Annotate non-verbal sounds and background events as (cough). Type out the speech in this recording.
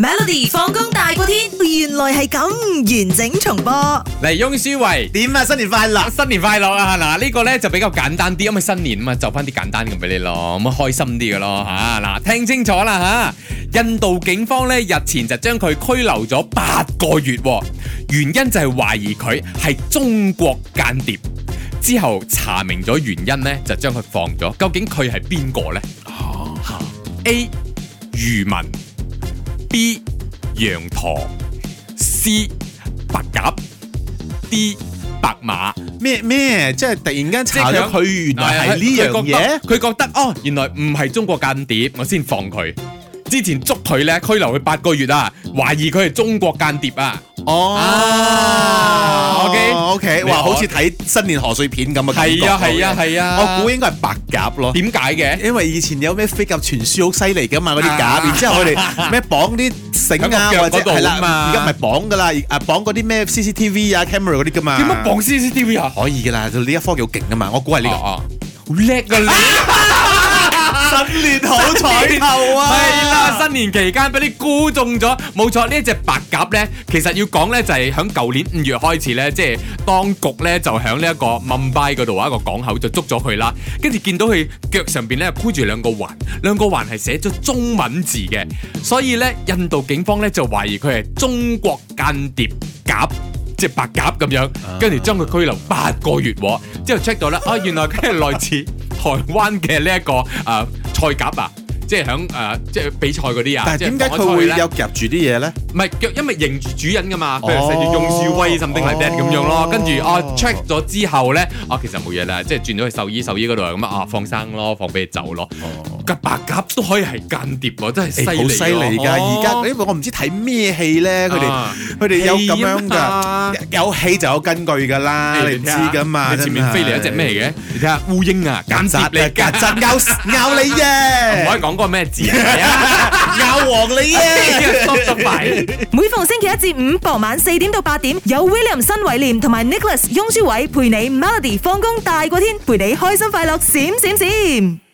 Melody 放工大過天，原來係咁完整重播。嚟翁舒維點啊？新年快樂，新年快樂啊！嗱、這個，呢個咧就比較簡單啲，因為新年啊嘛，就翻啲簡單嘅俾你咯，咁、嗯、啊開心啲嘅咯吓。嗱、啊啊，聽清楚啦吓、啊，印度警方咧日前就將佢拘留咗八個月、哦，原因就係懷疑佢係中國間諜。之後查明咗原因咧，就將佢放咗。究竟佢係邊個咧？A. 漁民。B 羊駝，C 白鴿，D 白馬咩咩？即係突然間查咗佢，原來係呢樣嘢。佢覺得，覺得哦，原來唔係中國間諜，我先放佢。之前捉佢咧，拘留佢八個月啊，懷疑佢係中國間諜啊。哦啊，O K O K，哇，好似睇新年賀歲片咁嘅感覺。係啊係啊係啊，我估應該係白鴿咯。點解嘅？因為以前有咩飛鴿傳書好犀利嘅嘛，嗰啲鴿。然之後我哋咩綁啲繩啊，或者係啦。而家唔係綁噶啦，而啊綁嗰啲咩 CCTV 啊 camera 嗰啲噶嘛。點樣綁 CCTV 啊？可以噶啦，就呢一科好勁噶嘛。我估係呢個。好叻啊你！新年好彩頭啊！新年期間俾你估中咗，冇錯呢一隻白鴿呢，其實要講呢，就係響舊年五月開始呢，即係當局呢，就響呢一個孟買嗰度啊一個港口就捉咗佢啦，跟住見到佢腳上邊呢，箍住兩個環，兩個環係寫咗中文字嘅，所以呢，印度警方呢，就懷疑佢係中國間諜鴿，鴿即係白鴿咁樣，跟住將佢拘留八個月，之後 check 到呢，啊、 (laughs) 哦、原來佢係來自台灣嘅呢一個誒、呃、菜鴿啊！即係響誒，即係比賽嗰啲啊！但係點解佢會有夾住啲嘢咧？唔係因為認住主人噶嘛，譬如用住威甚至係咩咁樣咯。跟住我 check 咗之後咧，我其實冇嘢啦，即係轉咗去獸醫，獸醫嗰度咁啊，放生咯，放俾你走咯。白鴿都可以係間諜喎，真係犀利，好犀利噶！而家因為我唔知睇咩戲咧，佢哋佢哋有咁樣噶，有戲就有根據噶啦，你知噶嘛？前面飛嚟一隻咩嘅？你睇下烏蠅啊，間諜嚟噶，真咬咬你耶！唔可以講嗰個咩字啊，咬黃你耶！每逢星期一至五傍晚四點到八點，有 William 新偉廉同埋 Nicholas 翁舒偉陪你 Melody 放工大過天，陪你開心快樂閃閃閃。